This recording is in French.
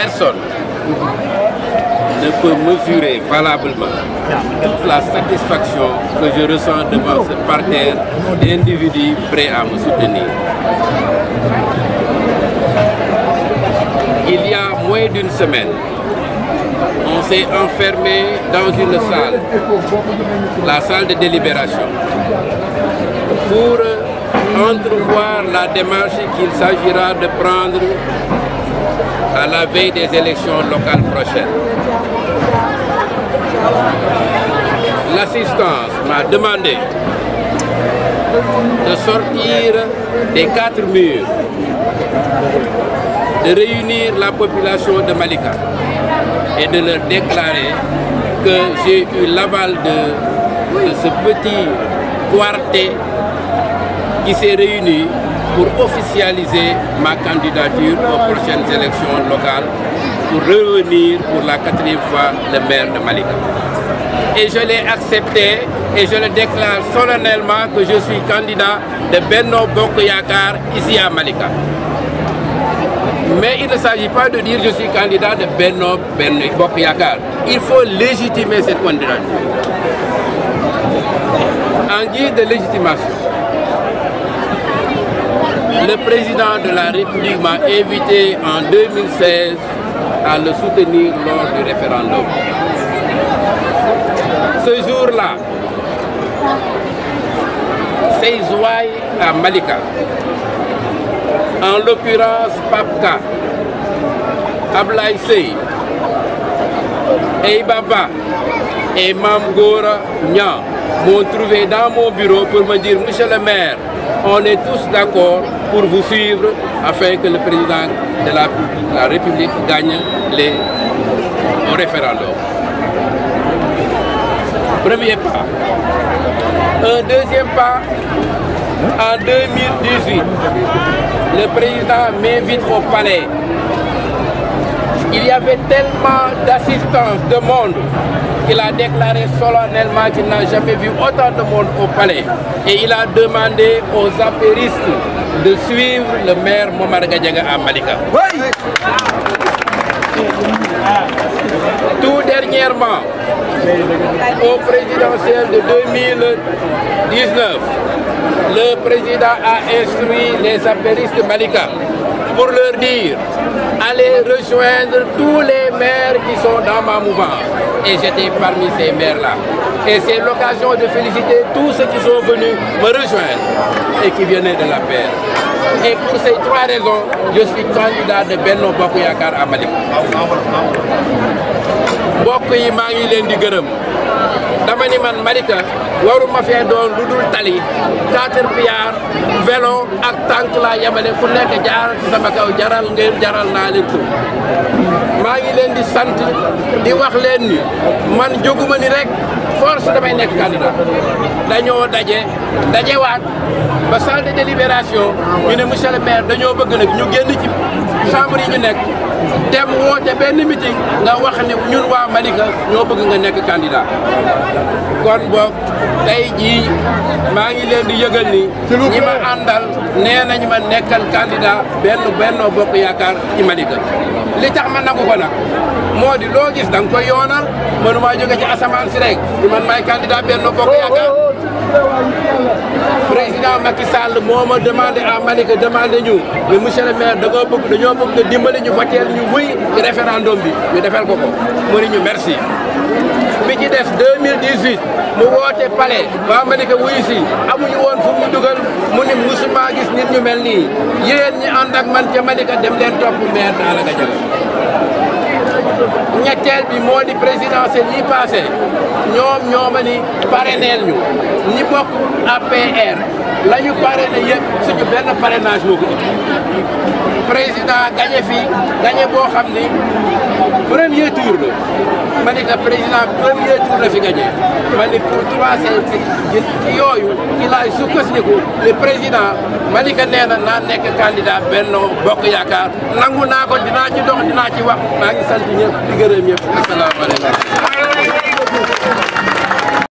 personne ne peut mesurer valablement toute la satisfaction que je ressens devant ce parterre d'individus prêts à me soutenir. Il y a moins d'une semaine, on s'est enfermé dans une salle, la salle de délibération, pour entrevoir la démarche qu'il s'agira de prendre à la veille des élections locales prochaines. L'assistance m'a demandé de sortir des quatre murs, de réunir la population de Malika et de leur déclarer que j'ai eu l'aval de, ce petit quartier qui s'est réuni pour officialiser ma candidature aux prochaines élections locales pour revenir pour la quatrième fois le maire de Malika. Et je l'ai accepté et je le déclare solennellement que je suis candidat de Benno Bokoyakar ici à Malika. Mais il ne s'agit pas de dire je suis candidat de Benno Bokoyakar. Il faut légitimer cette candidature. En guise de légitimation, le président de la République m'a invité en 2016 à le soutenir lors du référendum. Ce jour-là, Seizouaï à Malika, en l'occurrence Papka, Ablaïse, Eibaba et Mamgora Nyan m'ont trouvé dans mon bureau pour me dire « Monsieur le maire, on est tous d'accord pour vous suivre afin que le président de la, République gagne les, référendums. référendum. Premier pas. Un deuxième pas, en 2018, le président m'invite au palais il y avait tellement d'assistance, de monde, qu'il a déclaré solennellement qu'il n'a jamais vu autant de monde au palais. Et il a demandé aux apéristes de suivre le maire Momar Gadiaga à Malika. Tout dernièrement, au présidentiel de 2019, le président a instruit les apéristes de Malika pour leur dire allez rejoindre tous les maires qui sont dans ma mouvance. Et j'étais parmi ces maires-là. Et c'est l'occasion de féliciter tous ceux qui sont venus me rejoindre et qui venaient de la paix. Et pour ces trois raisons, je suis candidat de Benno Bokuyakar à Malik. Bokk dama ni man Malika waruma fee doon tali caterpillar vélo ak tànk laa yemale ku nekk jaar sama kaw jaral ngeen jaral naa leen ko maa ngi leen di sant di wax ni man ni rek force damay nekk candidat dañoo daje wat ba salle de délibération ñu ne monsieur le maire bëgg ñu génn ci chambre yi ñu nekk dem woote benn nga wax ne ñun waa Malika ñoo bëgg nga nekk candidat kon boog tey jii maa ngi leen di yëgal ni ñi ma àndal nee ma nekkal candidat benn Benno Bokk Yaakaar ci Malika li tax ma nangu ko nag moo di loo gis da nga koy yoonal mënu maa jóge ci asamaan si rek man maay candidat Benno Bokk Yaakaar président Macky Sall moo ma demandé à Malika demandé ñu mais monsieur le maire da nga bëgg dañoo bëgg nga dimbali ñu voté ñu wuy ci référendum bi ñu defal ko ko mu ne ñu merci. bi ci des 2018 mu woote palais waa Malika wuyu si amuñu woon fu mu dugal mu ne musuma gis nit ñu mel nii yéen ñi ànd man ca Malika dem leen topp maire Talla Gadiaga ñetteel bi moo di présidentielle yi passé ñoom ñooma ni parrainel ñu ñi APR la ñu parrainé yëpp suñu benn parrainage moo ko ëpp président gañe fii gañe boo xam premier tour la ma ne la président premier tour la fi gagné ma ne pour trois cinq ci yooyu ci laay sukkandiku le président ma ne que nee na naa nekk candidat Benno Bokk Yaakaar nangu naa ko dinaa ci dox dinaa ci wax maa ngi sant ñëpp di gërëm ñëpp asalaamaaleykum.